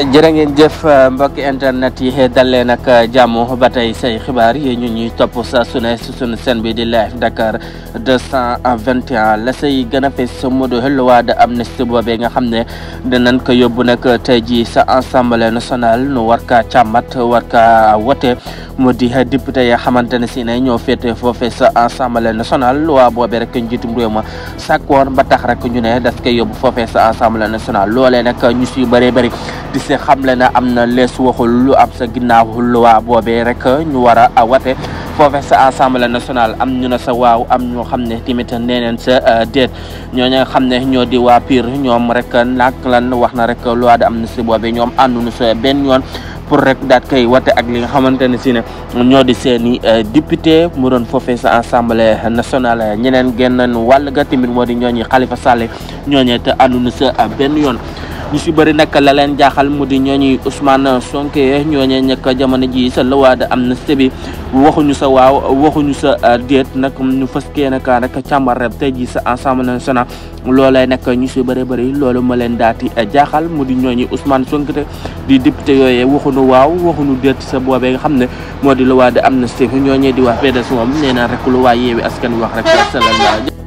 jërë ngeen jëf mbokki internet yi dal leen ak jàmm ba tey say xibaar yi ñu ñuy topp sa su sun sen bi di live Dakar deux cent vingt et un la say gën a fes mu di loi de amnistie boobee nga xam ne dinañ ko yóbbu nag tey jii sa assemblée nationale nu warka kaa càmmat war kaa wote mu di député ya xamante ne si ne ñoo féete foofe sa assemblée nationale waa boobe rek njiitum réew ma sàkkoon ba tax rek ñu ne das koy yóbbu foofee sa assemblée nationale loolee nag ñu si bëree bëri Cissé xamle na am na lees waxul lu am sa ginnaaw luwaa boobe rek ñu war a wate foofe sa assemblée national am ñu ne sa waaw am ñoo xam ne tamit nee sa euh, déet ñoo ña xam ne ñoo di waa PUR ñoom rek nag lan wax na rek nu d'amnistie boobee ñoom ànduñu sa benn yoon pour rek daat koy wate ak li nga xamante ne si ne ñoo di seeni euh, député mu doon foofee sa assemblée national ñeneen genn wàll ga tamit moo di ñooñu Khalifa Sall ñooñee te ànduñu sa euh, benn yoon ñu si bëri nag la leen jaaxal mu di ñooñuy Ousmane Sonko ñooñee ñekk jamono ji sa lëwaada am na sëbi waxuñu sa waaw waxuñu sa ah, déet nag ñu fëskee naka rek càmbar rek tey ji sa ensemble national loolee nag ñu si bëri bëri loolu ma leen daati eh, jaaxal mu di ñooñu Ousmane Sonko di député yooyee waxuñu waaw waxuñu déet sa boobee nga xam ne moo di lëwaada am na sëbi ñooñee di wax PDS moom nee na rek lu waa yeewi askan wax rek sa la